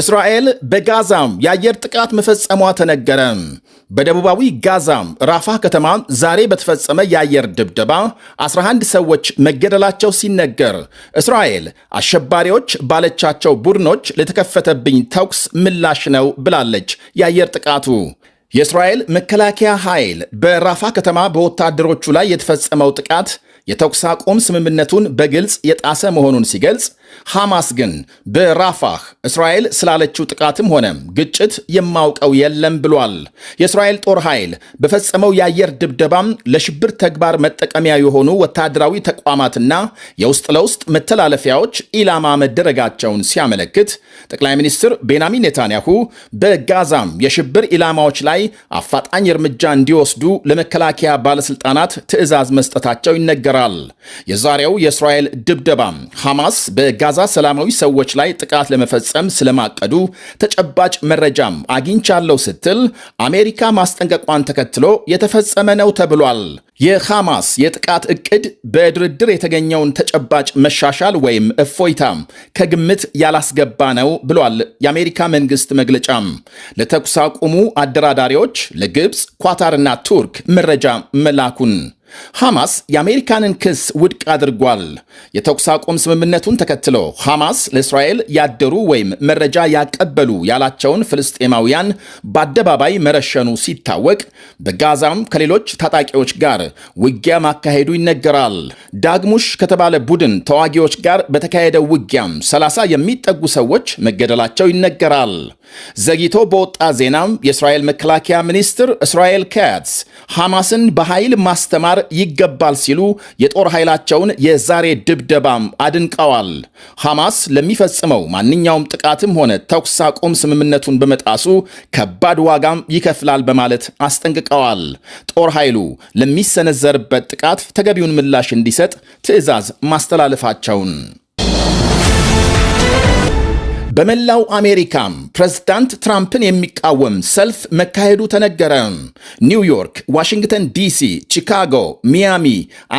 እስራኤል በጋዛም የአየር ጥቃት መፈጸሟ ተነገረ። በደቡባዊ ጋዛም ራፋ ከተማ ዛሬ በተፈጸመ የአየር ድብደባ 11 ሰዎች መገደላቸው ሲነገር እስራኤል አሸባሪዎች ባለቻቸው ቡድኖች ለተከፈተብኝ ተኩስ ምላሽ ነው ብላለች። የአየር ጥቃቱ የእስራኤል መከላከያ ኃይል በራፋ ከተማ በወታደሮቹ ላይ የተፈጸመው ጥቃት የተኩስ አቁም ስምምነቱን በግልጽ የጣሰ መሆኑን ሲገልጽ፣ ሐማስ ግን በራፋህ እስራኤል ስላለችው ጥቃትም ሆነ ግጭት የማውቀው የለም ብሏል። የእስራኤል ጦር ኃይል በፈጸመው የአየር ድብደባም ለሽብር ተግባር መጠቀሚያ የሆኑ ወታደራዊ ተቋማትና የውስጥ ለውስጥ መተላለፊያዎች ኢላማ መደረጋቸውን ሲያመለክት ጠቅላይ ሚኒስትር ቤንያሚን ኔታንያሁ በጋዛም የሽብር ኢላማዎች ላይ አፋጣኝ እርምጃ እንዲወስዱ ለመከላከያ ባለስልጣናት ትዕዛዝ መስጠታቸው ይነገራል። ይናገራል። የዛሬው የእስራኤል ድብደባ ሐማስ በጋዛ ሰላማዊ ሰዎች ላይ ጥቃት ለመፈጸም ስለማቀዱ ተጨባጭ መረጃም አግኝቻለሁ ስትል አሜሪካ ማስጠንቀቋን ተከትሎ የተፈጸመ ነው ተብሏል። የሐማስ የጥቃት እቅድ በድርድር የተገኘውን ተጨባጭ መሻሻል ወይም እፎይታ ከግምት ያላስገባ ነው ብሏል የአሜሪካ መንግስት መግለጫ። ለተኩስ አቁሙ አደራዳሪዎች ለግብፅ ኳታርና ቱርክ መረጃ መላኩን ሐማስ የአሜሪካንን ክስ ውድቅ አድርጓል። የተኩስ አቁም ስምምነቱን ተከትሎ ሐማስ ለእስራኤል ያደሩ ወይም መረጃ ያቀበሉ ያላቸውን ፍልስጤማውያን በአደባባይ መረሸኑ ሲታወቅ፣ በጋዛም ከሌሎች ታጣቂዎች ጋር ውጊያ ማካሄዱ ይነገራል። ዳግሙሽ ከተባለ ቡድን ተዋጊዎች ጋር በተካሄደው ውጊያም 30 የሚጠጉ ሰዎች መገደላቸው ይነገራል። ዘግይቶ በወጣ ዜናም የእስራኤል መከላከያ ሚኒስትር እስራኤል ካትስ ሐማስን በኃይል ማስተማር ሊሻር ይገባል ሲሉ የጦር ኃይላቸውን የዛሬ ድብደባም አድንቀዋል። ሐማስ ለሚፈጽመው ማንኛውም ጥቃትም ሆነ ተኩስ አቁም ስምምነቱን በመጣሱ ከባድ ዋጋም ይከፍላል በማለት አስጠንቅቀዋል። ጦር ኃይሉ ለሚሰነዘርበት ጥቃት ተገቢውን ምላሽ እንዲሰጥ ትዕዛዝ ማስተላለፋቸውን በመላው አሜሪካም ፕሬዝዳንት ትራምፕን የሚቃወም ሰልፍ መካሄዱ ተነገረ። ኒውዮርክ፣ ዋሽንግተን ዲሲ፣ ቺካጎ፣ ሚያሚ፣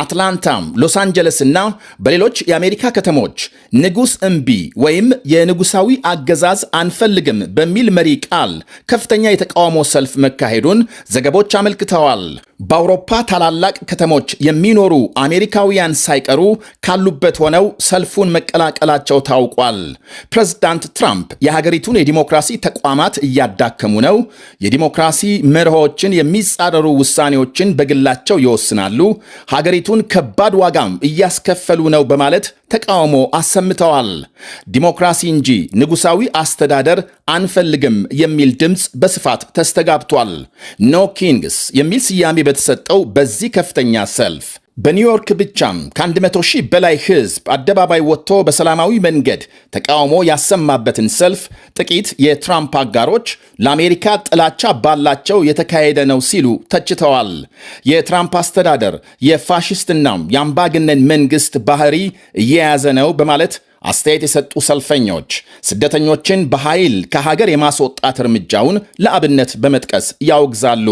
አትላንታ ሎስ አንጀለስ እና በሌሎች የአሜሪካ ከተሞች ንጉስ እምቢ ወይም የንጉሳዊ አገዛዝ አንፈልግም በሚል መሪ ቃል ከፍተኛ የተቃውሞ ሰልፍ መካሄዱን ዘገቦች አመልክተዋል። በአውሮፓ ታላላቅ ከተሞች የሚኖሩ አሜሪካውያን ሳይቀሩ ካሉበት ሆነው ሰልፉን መቀላቀላቸው ታውቋል። ፕሬዝዳንት ትራምፕ የሀገሪቱን የዲሞክራሲ ተቋማት እያዳከሙ ነው፣ የዲሞክራሲ መርሆችን የሚጻረሩ ውሳኔዎችን በግላቸው ይወስናሉ፣ ሀገሪቱን ከባድ ዋጋም እያስከፈሉ ነው በማለት ተቃውሞ አሰምተዋል። ዲሞክራሲ እንጂ ንጉሳዊ አስተዳደር አንፈልግም የሚል ድምፅ በስፋት ተስተጋብቷል። ኖ ኪንግስ የሚል ስያሜ በተሰጠው በዚህ ከፍተኛ ሰልፍ በኒውዮርክ ብቻም ከ100 ሺህ በላይ ህዝብ አደባባይ ወጥቶ በሰላማዊ መንገድ ተቃውሞ ያሰማበትን ሰልፍ ጥቂት የትራምፕ አጋሮች ለአሜሪካ ጥላቻ ባላቸው የተካሄደ ነው ሲሉ ተችተዋል። የትራምፕ አስተዳደር የፋሽስትናም የአምባገነን መንግሥት ባህሪ እየያዘ ነው በማለት አስተያየት የሰጡ ሰልፈኞች ስደተኞችን በኃይል ከሀገር የማስወጣት እርምጃውን ለአብነት በመጥቀስ ያወግዛሉ።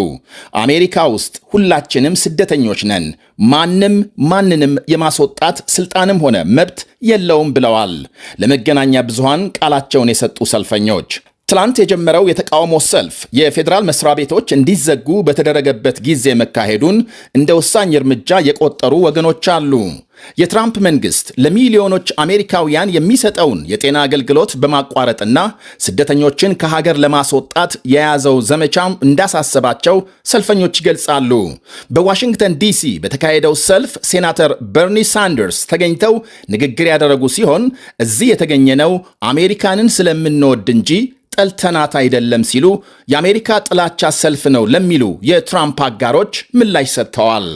አሜሪካ ውስጥ ሁላችንም ስደተኞች ነን፣ ማንም ማንንም የማስወጣት ስልጣንም ሆነ መብት የለውም ብለዋል ለመገናኛ ብዙሃን ቃላቸውን የሰጡ ሰልፈኞች። ትላንት የጀመረው የተቃውሞ ሰልፍ የፌዴራል መስሪያ ቤቶች እንዲዘጉ በተደረገበት ጊዜ መካሄዱን እንደ ወሳኝ እርምጃ የቆጠሩ ወገኖች አሉ። የትራምፕ መንግስት ለሚሊዮኖች አሜሪካውያን የሚሰጠውን የጤና አገልግሎት በማቋረጥና ስደተኞችን ከሀገር ለማስወጣት የያዘው ዘመቻም እንዳሳሰባቸው ሰልፈኞች ይገልጻሉ። በዋሽንግተን ዲሲ በተካሄደው ሰልፍ ሴናተር በርኒ ሳንደርስ ተገኝተው ንግግር ያደረጉ ሲሆን እዚህ የተገኘነው አሜሪካንን ስለምንወድ እንጂ ጠልተናት አይደለም ሲሉ የአሜሪካ ጥላቻ ሰልፍ ነው ለሚሉ የትራምፕ አጋሮች ምላሽ ሰጥተዋል።